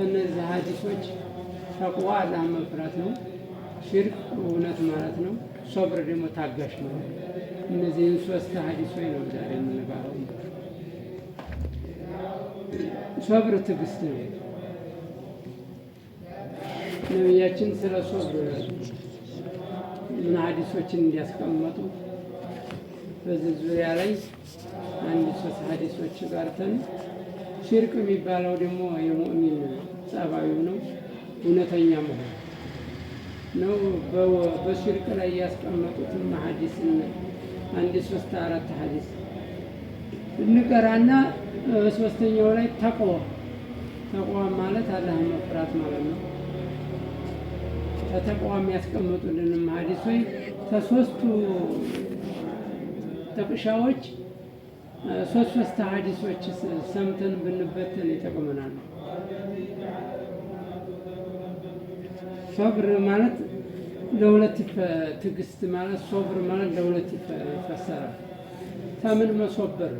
ከነዚህ ሀዲሶች ተቅዋ አላህን መፍራት ነው። ሽርክ እውነት ማለት ነው። ሶብር ደግሞ ታጋሽ ነው። እነዚህን ሶስት ሀዲሶች ነው ዛሬ የምንባለው። ሶብር ትዕግስት ነው። ነቢያችን ስለ ሶብር ምን ሀዲሶችን እንዲያስቀመጡ በዚህ ዙሪያ ላይ አንድ ሶስት ሀዲሶች ጋርተን ሽርቅ የሚባለው ደግሞ የሙእሚን ጸባዩ ነው። እውነተኛ መሆን ነው። በሽርቅ ላይ ያስቀመጡትን ሀዲስ አንድ ሶስት አራት ሀዲስ እንቀራና ሶስተኛው ላይ ተቅዋ ተቋም ማለት አላህ መፍራት ማለት ነው። ከተቅዋ የሚያስቀምጡልንም ሀዲሶች ከሶስቱ ጥቅሻዎች ሶስት ሶስት ሀዲሶች ሰምተን ብንበትን ይጠቅመናል። ሶብር ማለት ለሁለት ትዕግስት ማለት ሶብር ማለት ለሁለት ይፈሰራል። ከምን መሶበር?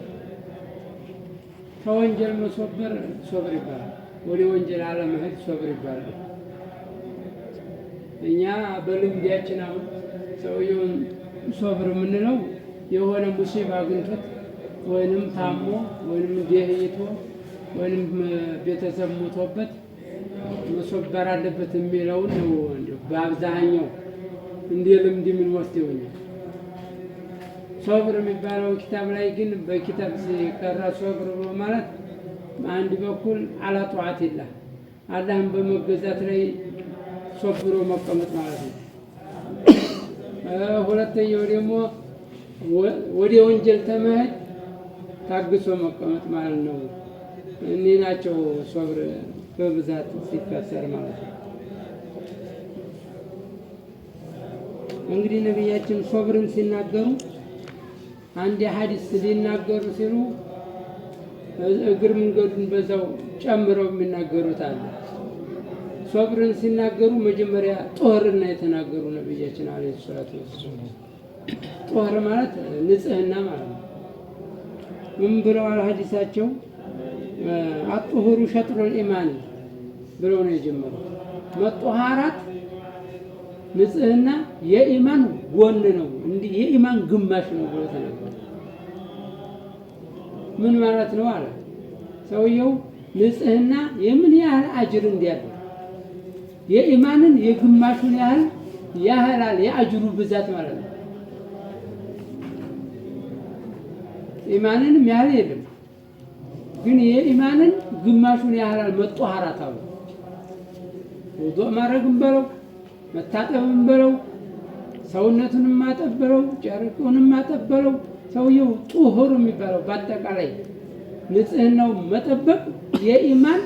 ከወንጀል መሶበር ሶብር ይባላል። ወደ ወንጀል አለመሄድ ሶብር ይባላል። እኛ በልምዳችን አሁን ሰውየውን ሶብር የምንለው የሆነ ሙሲብ አግኝቶት ወይንም ታሞ ወይንም ደህይቶ ወይንም ቤተሰብ ሞቶበት መሰበር አለበት የሚለውን ነው። እንዲሁ በአብዛኛው እንደ ልምድ የምንወስደው ሶብር የሚባለው ኪታብ ላይ ግን በኪታብ ሲቀራ ሶብር ማለት በአንድ በኩል አላጠዋት ይላል አላህም በመገዛት ላይ ሶብሮ መቀመጥ ማለት ነው። ሁለተኛው ደግሞ ወደ ወንጀል ተመሄድ ታግሶ መቀመጥ ማለት ነው። እኔ ናቸው ሶብር በብዛት ሲፈሰር ማለት ነው። እንግዲህ ነቢያችን ሶብርን ሲናገሩ አንድ ሀዲስ ሊናገሩ ሲሉ እግር መንገዱን በዛው ጨምረው የሚናገሩት አለ። ሶብርን ሲናገሩ መጀመሪያ ጦርና የተናገሩ ነቢያችን አለ ሰላት ጦር ማለት ንጽህና ማለት ነው። ምን ብለዋል ሀዲሳቸው? አጥሁሩ ሸጥሩ ኢማን ብለው ነው የጀመሩ መጡሃራት ንጽህና የኢማን ጎን ነው፣ እንዲህ የኢማን ግማሽ ነው ብሎ ተናግሯል። ምን ማለት ነው አለ ሰውየው። ንጽህና የምን ያህል አጅር እንዲያለው የኢማንን የግማሹን ያህል ያህላል የአጅሩ ብዛት ማለት ነው። ኢማንንም ያህል የለም። ግን ይሄ ኢማንን ግማሹን ያህል መጡ ሀራት አሉ ውዱእ ማድረግም በለው መታጠብም በለው ሰውነቱን ማጠበለው ጨርቁን ማጠበለው ሰውየው ጡሁር የሚባለው በአጠቃላይ ንጽህናው መጠበቅ የኢማን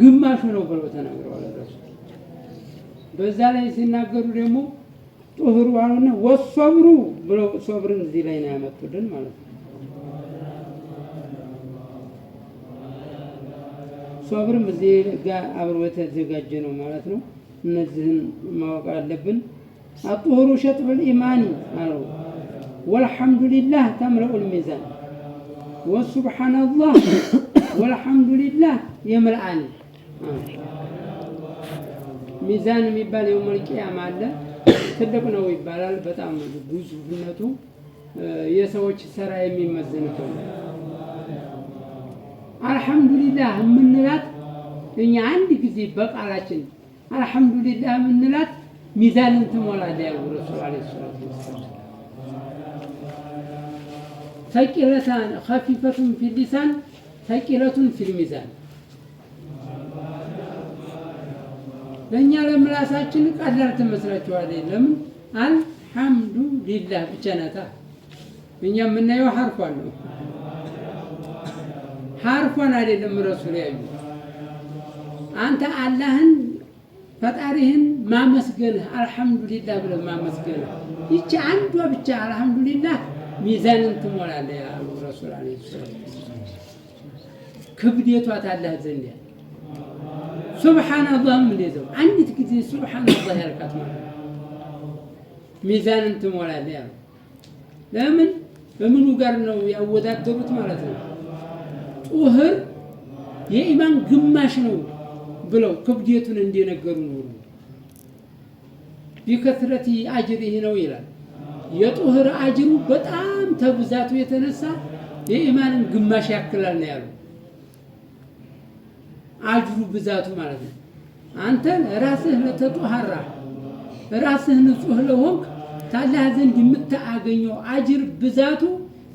ግማሹ ነው ብለው ተናግረዋል። በዛ ላይ ሲናገሩ ደግሞ ጡሁር ዋሉና ወሶብሩ ብለው ሶብርን እዚህ ላይ ነው ያመጡልን ማለት ነው። ሶብርም እዚህ ጋር አብሮ የተዘጋጀ ነው ማለት ነው። እነዚህን ማወቅ አለብን። አጡሁሩ ሸጥሩል ኢማን አለው። ወልሐምዱሊላህ ተምለኡል ሚዛን ወሱብሓነላህ ወልሐምዱሊላህ የምልአኒ ሚዛን የሚባል የውመል ቂያማ አለ። ትልቅ ነው ይባላል። በጣም ግዙፍነቱ የሰዎች ሰራ የሚመዘንበት አልሐምዱሊላህ የምንላት እኛ አንድ ጊዜ በቃላችን አልሐምዱሊላህ የምንላት ሚዛንን ትሞላለ ያው ረሱል ዓለይሂ ሰላቱ ወሰላም ተቂለታን ከፊፈቱን ፊልሊሳን ተቂለቱን ፊልሚዛን ለእኛ ለምላሳችን ቀላል ትመስላችኋለች። ለምን አልሐምዱሊላህ ብቻ ናታ። እኛ የምናየው ሐርፏል ነው ሐርፎን አይደለም ረሱል ያዩ አንተ አላህን ፈጣሪህን ማመስገንህ አልሐምዱሊላህ ብለህ ማመስገንህ ይቺ አንዷ ብቻ አልሐምዱሊላህ ሚዛንን ትሞላለህ ያሉ ረሱል አለ ክብደቷ ታላህ ዘንድ ያ ሱብሓነላህም እንደዚያው አንዲት ጊዜ ሱብሓነላህ ያልካት ማለት ሚዛንን ትሞላለህ ያሉ ለምን በምኑ ጋር ነው ያወዳደሩት ማለት ነው ጡህር የኢማን ግማሽ ነው ብለው ክብደቱን እንደነገሩ ነው። ቢከትረት አጅር ይህ ነው ይላል። የጡህር አጅሩ በጣም ተብዛቱ የተነሳ የኢማንን ግማሽ ያክላል ነው ያሉ። አጅሩ ብዛቱ ማለት ነው። አንተን ራስህ ለተጧሃራ ራስህ ንጹህ ለሆንክ ታላህ ዘንድ የምታገኘው አጅር ብዛቱ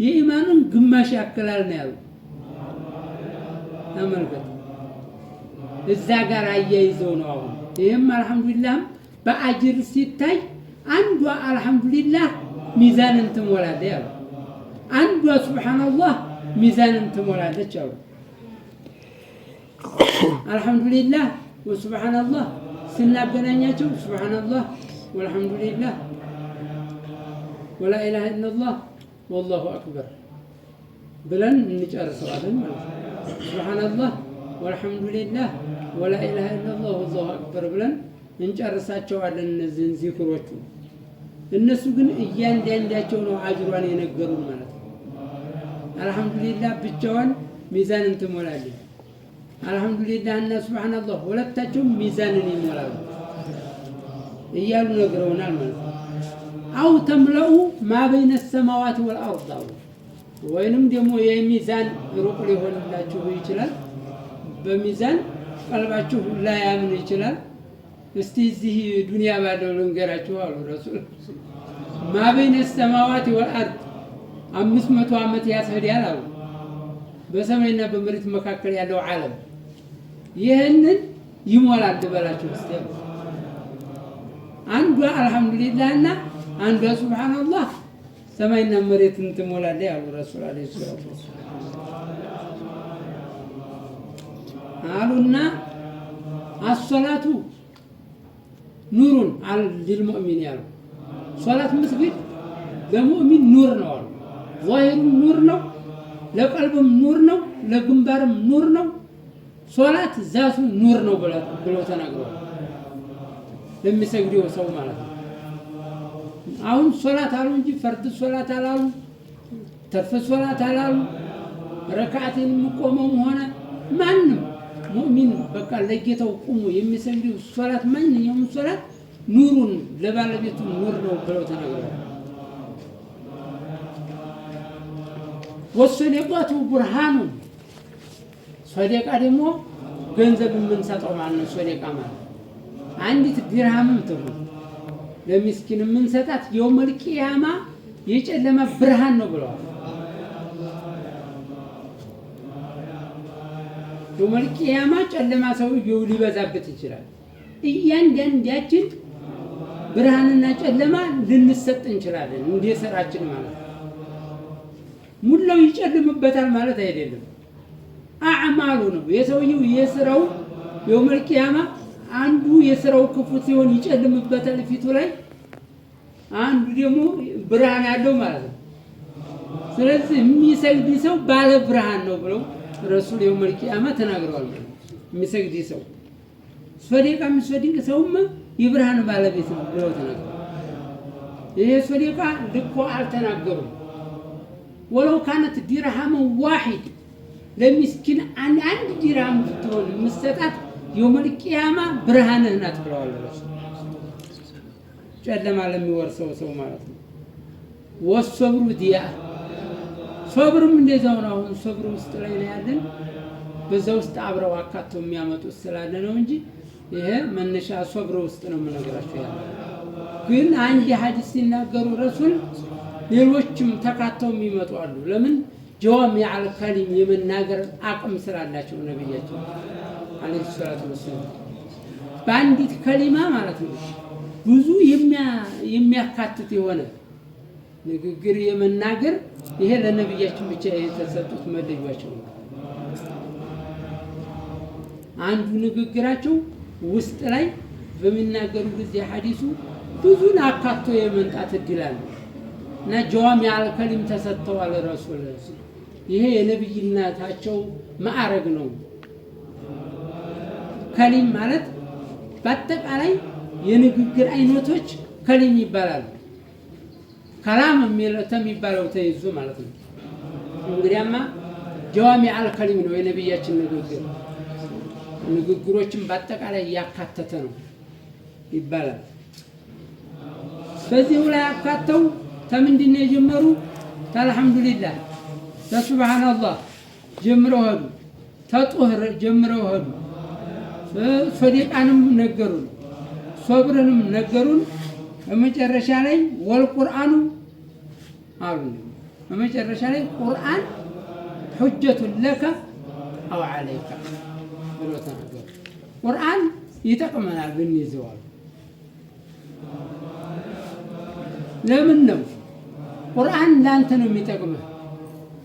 የኢማንን ግማሽ ያክላል ነው ያሉ። ተመልከቱ። እዛ ጋር አያይዘው ነው አሁን ይህም አልሐምዱሊላህ በአጅር ሲታይ አንዷ አልሐምዱሊላህ ሚዛንን ትሞላለች ያሉ፣ አንዷ ሱብሓነላህ ሚዛንን ትሞላለች አሉ። አልሐምዱሊላህ ወሱብሓነላህ ስናገናኛቸው ሱብሓነላህ ወልሐምዱሊላህ ወላኢላሃ ኢላሃ ኢለላህ ወላሁ አክበር ብለን እንጨርሰዋለን ማለት ነው። ሱብሓነላህ ወልሐምዱሊላህ ወላኢላሃ ኢላሃ ኢለላህ ወላሁ አክበር ብለን እንጨርሳቸዋለን። እነዚህን ዚክሮቹ እነሱ ግን እያንዳንዳቸው ነው አጅሯን የነገሩን ማለት ነው። አልሐምዱሊላህ ብቻዋን ሚዛንን ትሞላለች። አልሐምዱሊላህ እና ሱብሓነላህ ሁለታቸውም ሚዛንን ይሞላሉ እያሉ ነግረውናል ማለት ነው። አው ተምለኡ ማበይነ በይነ ሰማዋት ወልአርድ ወይንም ደግሞ የሚዛን ሩቅ ሊሆንላችሁ ይችላል። በሚዛን ቀልባችሁ ላያምን ይችላል። እስቲ እዚህ ዱንያ ባለው ልንገራችሁ አሉ ረሱል። ማበይነ ሰማዋት ወልአርድ አምስት መቶ ዓመት ያስሄዳል አሉ በሰማይና በመሬት መካከል ያለው ዓለም ይህንን ይሞላል ልበላችሁ ስ አንዷ አልሐምዱሊላህ እና አንዷ ሱብሃነላህ ሰማይና መሬትን ትሞላለህ አሉ ረሱል አለ ሰላቱ አሉና አሶላቱ ኑሩን ልልሙእሚን ያሉ ሶላት የምትግድ ለሙእሚን ኑር ነው አሉ። ዛሂሩም ኑር ነው፣ ለቀልብም ኑር ነው፣ ለግንባርም ኑር ነው። ሶላት ዛቱ ኑር ነው ብለው ተናግረዋል። ለሚሰግደው ሰው ማለት ነው። አሁን ሶላት አሉ እንጂ ፈርድ ሶላት አላሉ፣ ተርፈ ሶላት አላሉ። ረካት የሚቆመውም ሆነ ማንም ሙእሚን በቃ ለጌታው ቁሙ የሚሰግደው ሶላት ማንኛውም ሶላት ኑሩን ለባለቤቱ ኑር ነው ብለው ተናግረዋል። ወሰደቃቱ ቡርሃኑን ሶደቃ ደግሞ ገንዘብ የምንሰጠው ማለት ነው። ሶደቃ ማለት አንዲት ዲርሃምም ትሁን ለሚስኪን የምንሰጣት የውመል ቂያማ የጨለማ ብርሃን ነው ብለዋል። የውመል ቂያማ ጨለማ ሰውየው ሊበዛበት ይችላል። እያንዳንዳችን ብርሃንና ጨለማ ልንሰጥ እንችላለን፣ እንደ ስራችን ማለት ነው። ሙላው ይጨልምበታል ማለት አይደለም፣ አዕማሉ ነው የሰውየው የስራው የውመል ቂያማ አንዱ የስራው ክፉ ሲሆን ይጨልምበታል ፊቱ ላይ፣ አንዱ ደግሞ ብርሃን ያለው ማለት ነው። ስለዚህ የሚሰግድ ሰው ባለ ብርሃን ነው ብለው ረሱል የውመል ቂያማ ተናግረዋል። የሚሰግድ ሰው ሶዴቃ የሚሶድቅ ሰውም የብርሃን ባለቤት ነው ብለው ተናግረዋል። ይሄ ሶዴቃ ልኮ አልተናገሩም። ወለው ካነት ዲርሃመን ዋሂድ ለሚስኪን አንድ ዲርሃም ብትሆን የምትሰጣት የውመል ቂያማ ብርሃንህ ናት ብለዋል። ጨለማ ለሚወርሰው ሰው ማለት ነው። ወሶብሩ ዲያ ሶብርም እንደዛው ነው። አሁን ሶብር ውስጥ ላይ ነው ያለን። በዛ ውስጥ አብረው አካተው የሚያመጡት ስላለ ነው እንጂ ይሄ መነሻ ሶብር ውስጥ ነው የምነግራቸው ያለ። ግን አንድ ሀዲስ ሲናገሩ ረሱል ሌሎችም ተካተው የሚመጡ አሉ። ለምን ጀዋሚ አልከሊም የመናገር አቅም ስላላቸው ነብያቸው አለይሂ ሰላቱ ወሰላም በአንዲት ከሊማ ማለት ነው ብዙ የሚያካትት የሆነ ንግግር የመናገር ይሄ ለነብያችን ብቻ የተሰጡት መለያቸው ነው። አንዱ ንግግራቸው ውስጥ ላይ በሚናገሩ ጊዜ ሀዲሱ ብዙን አካቶ የመምጣት እድል አለ እና ጀዋሚ አልከሊም ተሰጥተዋል። ረሱል ይሄ የነብይነታቸው ማዕረግ ነው። ከሊም ማለት በአጠቃላይ የንግግር አይነቶች ከሊም ይባላሉ። ከላም የሚባለው ተይዞ ማለት ነው። እንግዲያማ ጀዋሚ አልከሊም ነው የነቢያችን ንግግር። ንግግሮችን በአጠቃላይ እያካተተ ነው ይባላል። በዚህ ላይ አካተው ከምንድን ነው የጀመሩ? ተአልሐምዱሊላህ ተሱብሃነላህ ጀምረው ሄዱ። ተጡህር ጀምረው ሄዱ። ሶዲቃንም ነገሩን፣ ሶብርንም ነገሩን። በመጨረሻ ላይ ወልቁርአኑ አሉ። በመጨረሻ ላይ ቁርአን ሁጀቱን ለከ አው ዓለይከ ብሎ ተናገሩ። ቁርአን ይጠቅመናል ብንይዘዋል። ለምን ነው ቁርአን ለአንተ ነው የሚጠቅምህ?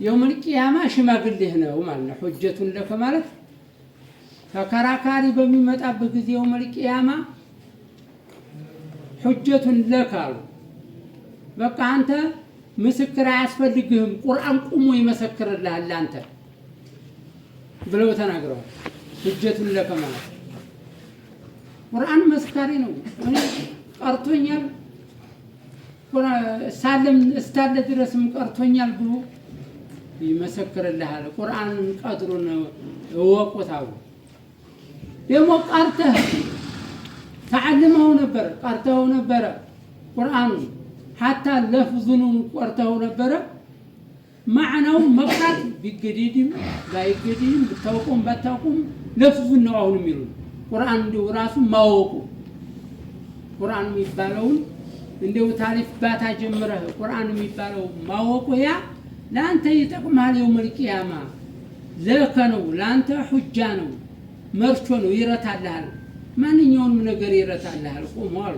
የውመል ቂያማ ሽማግሌህ ነው ማለት ነው። ሁጀቱን ለከ ማለት ተከራካሪ በሚመጣበት ጊዜ የውመል ቂያማ ሁጀቱን ለክ አሉ። በቃ አንተ ምስክር አያስፈልግህም፣ ቁርአን ቁሞ ይመሰክርልሃል ለአንተ ብለው ተናግረዋል። ሁጀቱን ለከ ማለት ቁርአን መስካሪ ነው። ቀርቶኛል ሳለም እስታለ ድረስም ቀርቶኛል ብሎ ይመሰክርልሃል። ቁርአንን ቀድሩን እወቁት አሉ። ደግሞ ቃርተህ ተዓልመው ነበረ ቀርተው ነበረ ቁርአኑ ሓታ ለፍዙኑ ቆርተው ነበረ። ማዕናው መቅራት ቢገዲድም ባይገዲድም ብታውቁም ባታውቁም ለፍዙን ነው አሁን የሚሉ ቁርአን እንዲሁ ራሱ ማወቁ ቁርአን የሚባለውን እንዲሁ ታሪፍ ባታ ጀምረህ ቁርአን የሚባለው ማወቁ ያ ለአንተ ይጠቅምሃል። የውመል ቂያማ ለከ ነው ለአንተ ሁጃ ነው። መርቾ ነው ይረታልሃል። ማንኛውንም ነገር ይረታልሃል። ቁሙ አሉ።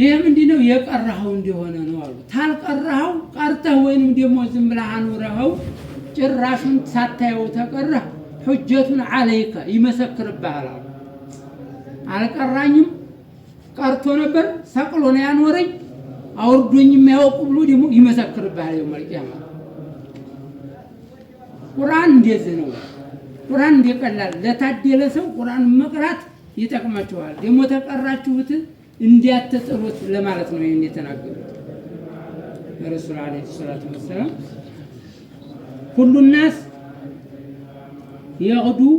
ይሄ ምንድን ነው? የቀረኸው እንደሆነ ነው አሉ። ታልቀረኸው ቀርተህ ወይንም ደግሞ ዝም ብለህ አኑረኸው ጭራሹን ሳታየው ተቀረህ ሁጀቱን አለይከ ይመሰክርብሃል አሉ። አልቀራኝም ቀርቶ ነበር ሰቅሎ ነው ያኖረኝ አውርዶኝ የሚያውቁ ብሎ ደግሞ ይመሰክርብሃል። የመልቅያ ቁርአን እንደዚህ ነው። ቁርአን እንደቀላል ለታደለ ሰው ቁርአን መቅራት ይጠቅማችኋል። ደግሞ ተቀራችሁት እንዲያተጥሉት ለማለት ነው። ይሄን የተናገሩት ረሱል አለይሂ ሰላቱ ወሰላም ሁሉ الناس يغدو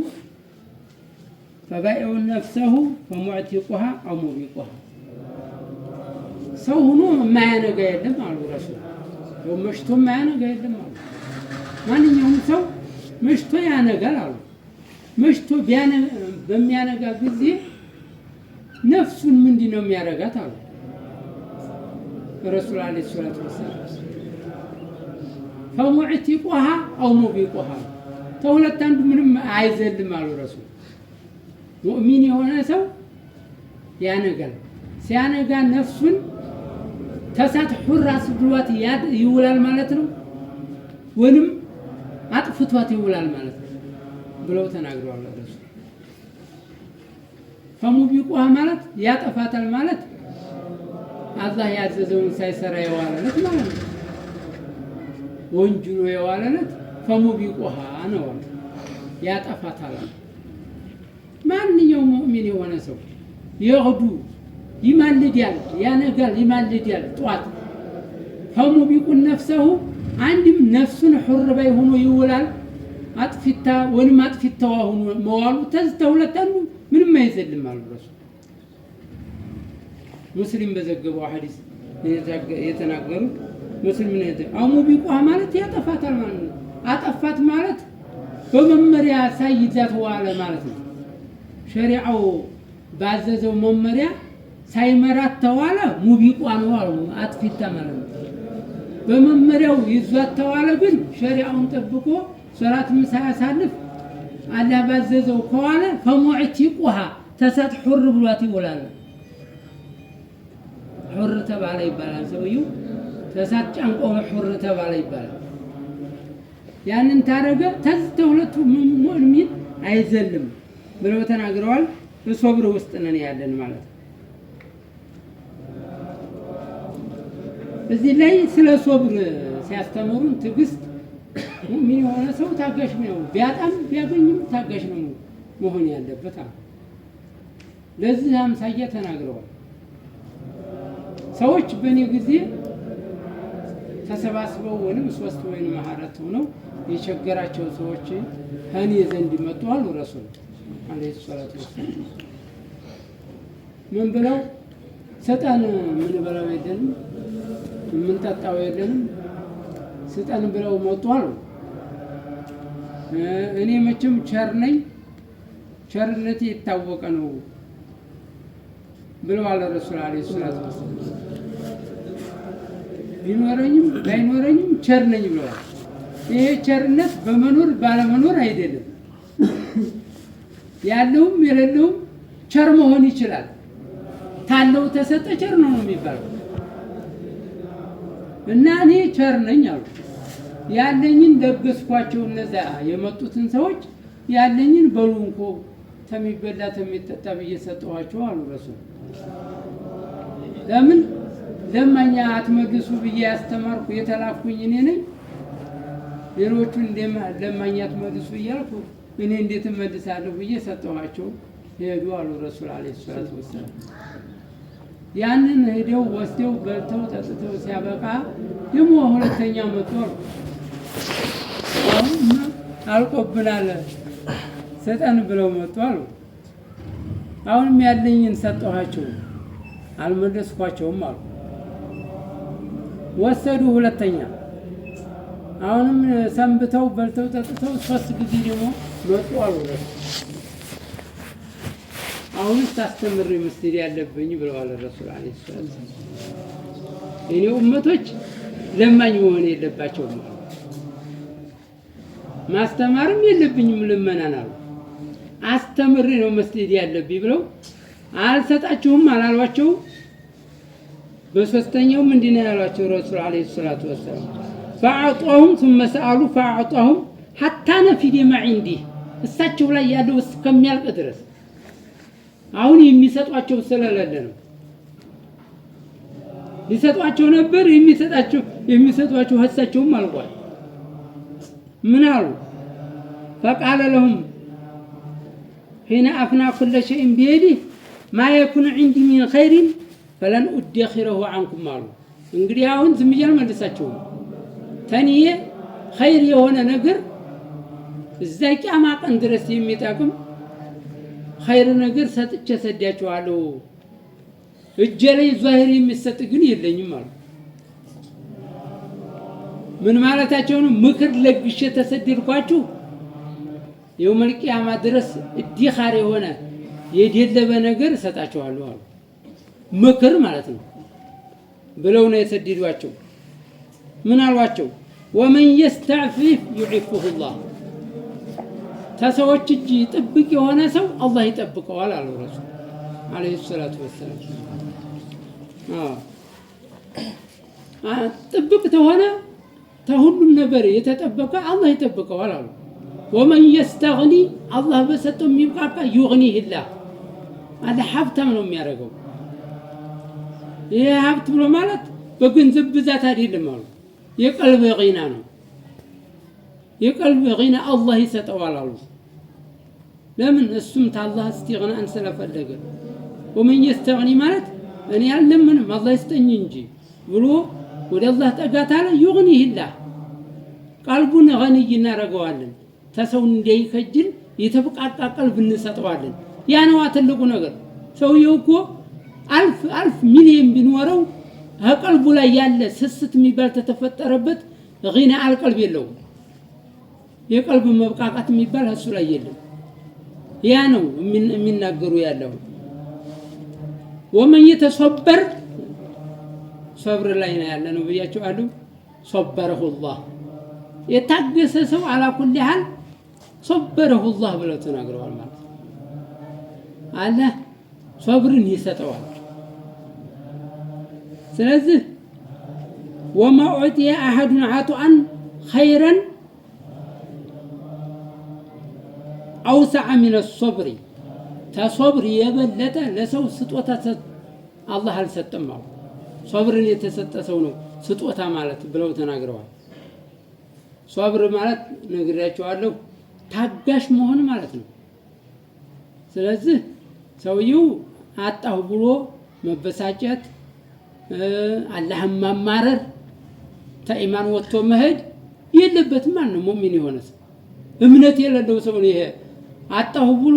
فبائع نفسه فمعتقها أو موبقها ሰው ሆኖ የማያነጋ የለም አሉ ረሱል። መሽቶ የማያነጋ የለም አሉ ማንኛውም ሰው መሽቶ ያነጋል አሉ። መሽቶ በሚያነጋ ጊዜ ነፍሱን ምንድን ነው የሚያረጋት አሉ ረሱል ለ ሰላት ወሰላም። ፈሙዕቲቁሃ አው ሙቢቁሃ ተሁለት አንዱ ምንም አይዘልም አሉ ረሱል። ሙእሚን የሆነ ሰው ያነጋል። ሲያነጋ ነፍሱን ተሳት ሑራ ስድዋት ይውላል ማለት ነው ወንም አጥፍቷት ይውላል ማለት ነው ብለው ተናግረዋል። እሱ ፈሙቢቁሃ ማለት ያጠፋታል ማለት አላህ ያዘዘውን ሳይሰራ የዋለለት ማለት ነው። ወንጅሎ የዋለለት ፈሙቢቁሃ ነው፣ ያጠፋታል። ማንኛውም ሙእሚን የሆነ ሰው የእዱ ይማልድ ያለ ያነጋል፣ ይማልድ ያለ ጠዋት ፈሙቢቁን ነፍሰሁ አንድም ነፍሱን ሑር ባይ ሆኖ ይውላል። አጥፊታ ወይም አጥፊታዋ ሆኖ መዋሉ ተዝተ ሁለት አንዱ ምንም አይዘልም አሉ ረሱል ሙስሊም በዘገበው ሐዲስ የተናገሩት ሙስሊም ነው። አሙቢቋ ማለት ያጠፋታል ማለት ነው። አጠፋት ማለት በመመሪያ ሳይዛት ዋለ ማለት ነው። ሸሪዓው ባዘዘው መመሪያ ሳይመራት ተዋለ ሙቢቋ ነው አጥፊታ ማለት ነው። በመመሪያው ይዟት ተዋለ ግን ሸሪዓውን ጠብቆ ሶላትም ሳያሳልፍ አላ ባዘዘው ከዋለ ፈሙዕቲ ይቁሃ ተሳት ሑር ብሏት ይውላል። ሑር ተባለ ይባላል። ሰውየው ተሳት ጫንቆ ሑር ተባለ ይባላል። ያንን ታረገ ተዝተ ሁለቱ ሙእሚን አይዘልም ብለው ተናግረዋል። እሶብር ውስጥ ነን ያለን ማለት ነው። እዚህ ላይ ስለ ሶብር ሲያስተምሩን ትዕግስት ሙእሚን የሆነ ሰው ታጋሽ ነው። ቢያጣም ቢያገኝም ታጋሽ ነው መሆን ያለበት። ለዚህ አምሳያ ተናግረዋል። ሰዎች በእኔ ጊዜ ተሰባስበው ወይም ሶስት ወይም አራት ሆነው የቸገራቸው ሰዎች ከእኔ ዘንድ መጡ አሉ ረሱል ዓለይሂ ሰላቱ ወሰላም። ምን ብለው ሰጠን በላው አይደለም የምንጠጣው የለንም ስጠን ብለው መጡ አሉ። እኔ መቼም ቸር ነኝ፣ ቸርነቴ የታወቀ ነው ብለዋል ረሱል ዓለይሂ ሰላቱ ቢኖረኝም ባይኖረኝም ቸር ነኝ ብለዋል። ይሄ ቸርነት በመኖር ባለመኖር አይደለም። ያለውም የሌለውም ቸር መሆን ይችላል። ታለው ተሰጠ ቸር ነው የሚባለው። እና እኔ ቸር ነኝ አሉ። ያለኝን ለገስኳቸው። እነዚያ የመጡትን ሰዎች ያለኝን በሉ እንኮ ተሚበላ ተሚጠጣ ብዬ ሰጠኋቸው አሉ። ረሱል ለምን ለማኛ አትመግሱ ብዬ ያስተማርኩ የተላኩኝ እኔ ነኝ። ሌሎቹን ለማኛ አትመግሱ እያልኩ እኔ እንዴት እመልሳለሁ ብዬ ሰጠኋቸው። ሄዱ አሉ ረሱል አለ ሰላቱ ወሰላም ያንን ሄደው ወስደው በልተው ጠጥተው ሲያበቃ ደግሞ ሁለተኛ መጦ አልቆብናል ስጠን ብለው መጡ አሉ። አሁንም ያለኝን ሰጠኋቸው፣ አልመለስኳቸውም አሉ። ወሰዱ ሁለተኛ። አሁንም ሰንብተው በልተው ጠጥተው ሶስት ጊዜ ደግሞ መጡ አሉ። አሁን ታስተምር መስጊድ ያለብኝ ብለዋል ረሱል አለ ሰላም። እኔ ኡመቶች ለማኝ መሆን የለባቸውም ማስተማርም የለብኝም ልመናን አሉ። አስተምሬ ነው መስጊድ ያለብኝ ብለው አልሰጣችሁም አላሏቸው። በሶስተኛውም እንዲህ ነው ያሏቸው ረሱል አለይሂ ሰላቱ ወሰላም ፈአጧሁም ثم سألوا فأعطاهم حتى نفد ما عنده እሳቸው ላይ ያለው እስከሚያልቅ ድረስ አሁን የሚሰጧቸው ስለሌለ ነው። ሊሰጧቸው ነበር የሚሰጣቸው የሚሰጧቸው ሀሳቸውም አልቋል። ምን አሉ? ፈቃለ ለሁም ሒነ አፍና ኩለ ሸይን ቢየዲህ ማ የኩኑ ዒንዲ ሚን ኸይሪን ፈለን ኡደኺረሁ አንኩም አሉ። እንግዲህ አሁን ዝም ብዬ አልመልሳቸውም። ተኒዬ ኸይር የሆነ ነገር እዛ ቂያማ ቀን ድረስ የሚጠቅም ኸይር ነገር ሰጥቼ ሰዳችኋለሁ። እጄ ላይ ዛሂር የሚሰጥ ግን የለኝም አሉ። ምን ማለታቸውን ምክር ለግሼ ተሰደድኳችሁ የውመል ቂያማ ድረስ እዲኻር የሆነ የደለበ ነገር እሰጣችኋለሁ አሉ። ምክር ማለት ነው ብለው ነው የሰደዷቸው። ምን አሏቸው? ወመን የስተዕፊፍ ዩዒፉሁላህ ተሰዎች እጅ ጥብቅ የሆነ ሰው አላህ ይጠብቀዋል አሉ ረሱል አለይሂ ሰላቱ ወሰላም። ጥብቅ ተሆነ ተሁሉም ነገር የተጠበቀ አላህ ይጠብቀዋል አሉ። ወመን የስተግኒ አላህ በሰጠው የሚብቃቃ ዩግኒሂላህ አለ ሀብታም ነው የሚያደርገው። ይህ ሀብት ብሎ ማለት በገንዘብ ብዛት አይደለም አሉ፣ የቀልብ ቂና ነው የቀልብ ጊና አላህ ይሰጠዋል አሉ። ለምን እሱም ታላህ እስቲግናን ስለፈለገ ወመን የስተግኒ ማለት እኔ አልለምንም አላህ ይስጠኝ እንጂ ብሎ ወደ አላህ ጠጋት አለ። ዩግኒህላህ ቀልቡን ጊንይ እናደርገዋለን። ተሰው እንዳይከጅል የተብቃቃ ቀልብ እንሰጠዋለን። ያ ነዋ ትልቁ ነገር። ሰውየው እኮ አልፍ አልፍ ሚሊየን ቢኖረው ከቀልቡ ላይ ያለ ስስት የሚባል ተተፈጠረበት ጊና አልቀልብ የለውም። የቀልቡ መብቃቃት የሚባል እሱ ላይ የለም። ያ ነው የሚናገሩ ያለው። ወመን የተሶበር ሰብር ላይ ነው ያለ ነው ብያቸው አሉ። ላህ የታገሰ ሰው አላኩል ያህል ሰበረሁላህ ብለው ተናግረዋል ማለት ነው። አለ ሰብርን ይሰጠዋል። ስለዚህ ወማ ዑጥየ አሐዱን አጥአን ኸይረን አውሰዐ ሚነ ሶብሪ ተሶብር የበለጠ ለሰው ስጦታ አላህ አልሰጠም አሉ። ሶብርን የተሰጠ ሰው ነው ስጦታ ማለት ብለው ተናግረዋል። ሶብር ማለት ነግሬያቸዋለሁ፣ ታጋሽ መሆን ማለት ነው። ስለዚህ ሰውየው አጣሁ ብሎ መበሳጨት፣ አላህን ማማረር፣ ተኢማን ወጥቶ መሄድ የለበትም። ማን ነው ሙእሚን የሆነ ሰው እምነት የሌለው ሰው ነው ይሄ አጣሁ ብሎ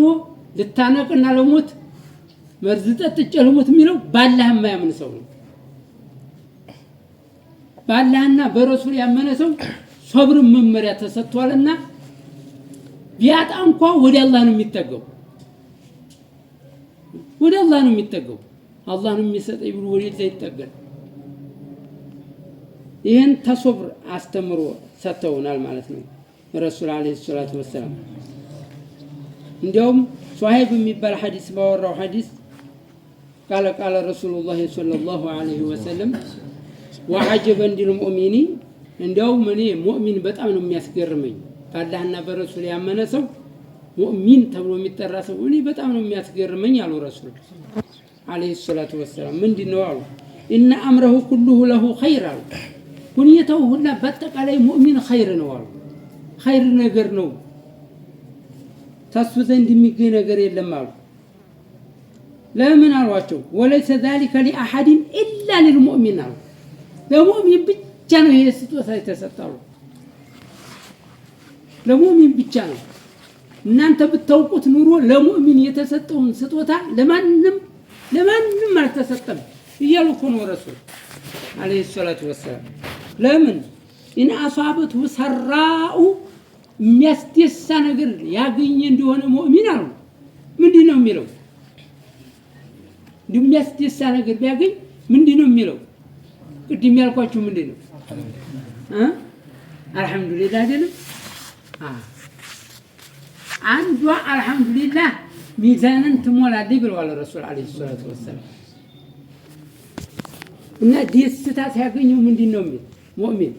ልታነቅና ለሞት መርዝ ጠጥቼ ልሞት የሚለው ባላህ የማያምን ሰው ነው። ባላህና በረሱል ያመነ ሰው ሶብር መመሪያ ተሰጥቷልና ቢያጣ እንኳ ወደ አላህ ነው የሚጠገው፣ ወደ አላህ ነው የሚጠገው። አላህ ነው የሚሰጠኝ ብሎ ወደ ላይ ይጠጋል። ይህን ተሶብር አስተምሮ ሰጥተውናል ማለት ነው ረሱል አለይሂ ሰላቱ ወሰላም። እንዲያውም ሷሂብ የሚባል ሐዲስ ባወራው ሐዲስ ቃለ ቃለ ረሱሉላህ ሰለላሁ ዐለይሂ ወሰለም ወዐጀበን ሊል ሙእሚኒ እንዲያውም እኔ ሙእሚን በጣም ነው የሚያስገርመኝ በአላህና በረሱል ያመነ ሰው ሙእሚን ተብሎ የሚጠራ ሰው እኔ በጣም ነው የሚያስገርመኝ አሉ ረሱል ዐለይሂ ሰላቱ ወሰላም። ምንድን ነው አሉ እና አምረሁ ኩሉሁ ለሁ ኸይር አሉ። ሁኔታው ሁላ በአጠቃላይ ሙእሚን ኸይር ነው አሉ። ኸይር ነገር ነው ተሱ ዘንድ የሚገኝ ነገር የለም አሉ። ለምን አሏቸው? ወለይሰ ዛሊከ ሊአሐድን ኢላ ልልሙእሚን አሉ። ለሙእሚን ብቻ ነው ይሄ ስጦታ የተሰጣሉ። ለሙእሚን ብቻ ነው። እናንተ ብታውቁት ኑሮ ለሙእሚን የተሰጠውን ስጦታ ለማንም ለማንም አልተሰጠም እያሉ እኮ ነው ረሱል ዓለይሂ ሰላቱ ወሰላም። ለምን ኢን አሷበት ሰራኡ የሚያስደሳ ነገር ያገኘ እንደሆነ ሙእሚን አሉ። ምንድን ነው የሚለው? የሚያስደሳ ነገር ቢያገኝ ምንድን ነው የሚለው? ቅድም ያልኳችሁ ምንድን ነው? አልሐምዱሊላ አይደለም። አንዷ አልሐምዱሊላህ ሚዛንን ትሞላለች ብለዋል ረሱል ዓለይሂ ሰላቱ ወሰላም። እና ደስታ ሲያገኘው ምንድን ነው የሚል ሙእሚን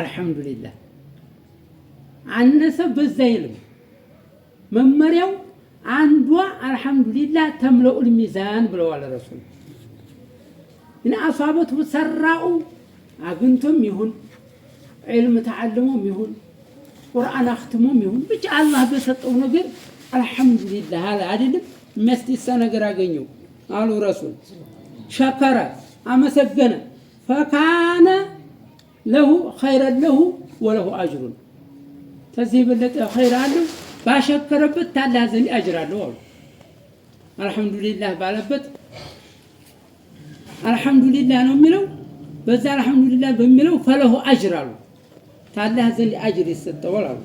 አልሐምዱሊላህ አነሰ በዛ ይልም መመሪያው አንዷ አልሐምዱሊላህ ተምለኡል ሚዛን ብለዋል ረሱል እና አሷበት ሰራኡ አግኝቶም ይሁን ዕልም ተዓልሞም ይሁን ቁርአን አክትሞም ይሁን ብቻ አላህ በሰጠው ነገር አልሐምዱሊላህ አለ አይደለም። የሚያስደሳ ነገር አገኘው አሉ ረሱል። ሸከረ አመሰገነ፣ ፈካነ ለሁ ኸይረን ለሁ ወለሁ አጅሩን ከዚህ የበለጠ ኸይር አለው? ባሸከረበት ታላ ዘንድ አጅራለሁ አሉ። አልሐምዱሊላህ ባለበት አልሐምዱሊላህ ነው የሚለው። በዛ አልሐምዱሊላህ በሚለው ፈለሁ አጅር አሉ። ታላ ዘንድ አጅር ይሰጠዋል አሉ።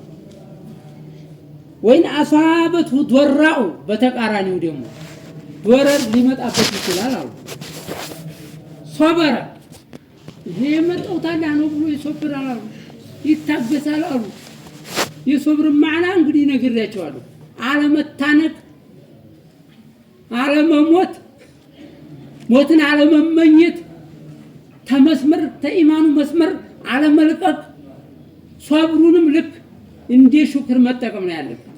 ወይን አሷበቱ ዶራኡ፣ በተቃራኒው ደግሞ ወረር ሊመጣበት ይችላል አሉ። ሶበረ፣ ይሄ የመጣው ታላ ነው ብሎ ይሶብራል አሉ፣ ይታገሳል አሉ የሶብር ማዕና እንግዲህ ነግሬያቸዋለሁ። አለመታነቅ፣ አለመሞት፣ ሞትን አለመመኘት፣ ተመስመር ተኢማኑ መስመር አለመልቀቅ፣ ሷብሩንም ልክ እንደ ሹክር መጠቀም ነው ያለብን።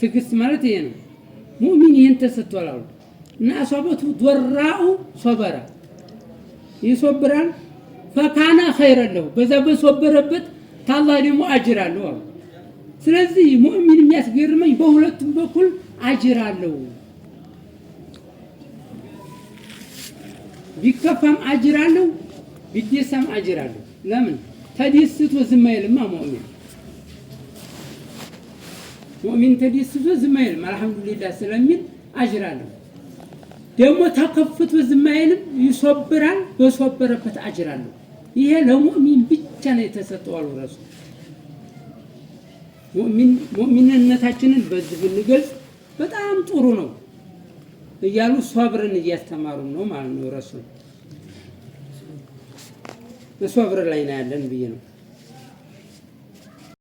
ትዕግስት ማለት ይሄ ነው። ሙእሚን ይህን ተሰጥቶላሉ እና አሷቦቱ ዶራኡ ሶበራ ይሶብራል ፈካና ኸይረለሁ በዛ በሶበረበት ታላህ ደግሞ አጅር አለው አሉ። ስለዚህ ሙእሚን የሚያስገርመኝ በሁለቱም በኩል አጅር አለው። ቢከፋም አጅር አለው፣ ቢደሳም አጅር አለው። ለምን ተደስቶ ዝም አይልማ ሙእሚን ሙእሚን ተደስቶ ዝም አይልም። አልሐምዱሊላህ ስለሚል አጅር አለው። ደግሞ ተከፍቶ ዝም አይልም፣ ይሶብራል። በሶበረበት አጅር አለው። ይሄ ለሙእሚን ብቻ ብቻ ነው የተሰጠው አሉ ረሱ ሙእሚንነታችንን በዚህ ብንገልጽ በጣም ጥሩ ነው እያሉ ሷብርን እያስተማሩ ነው ማለት ነው ረሱል በሷብር ላይ ነው ያለን ብዬ ነው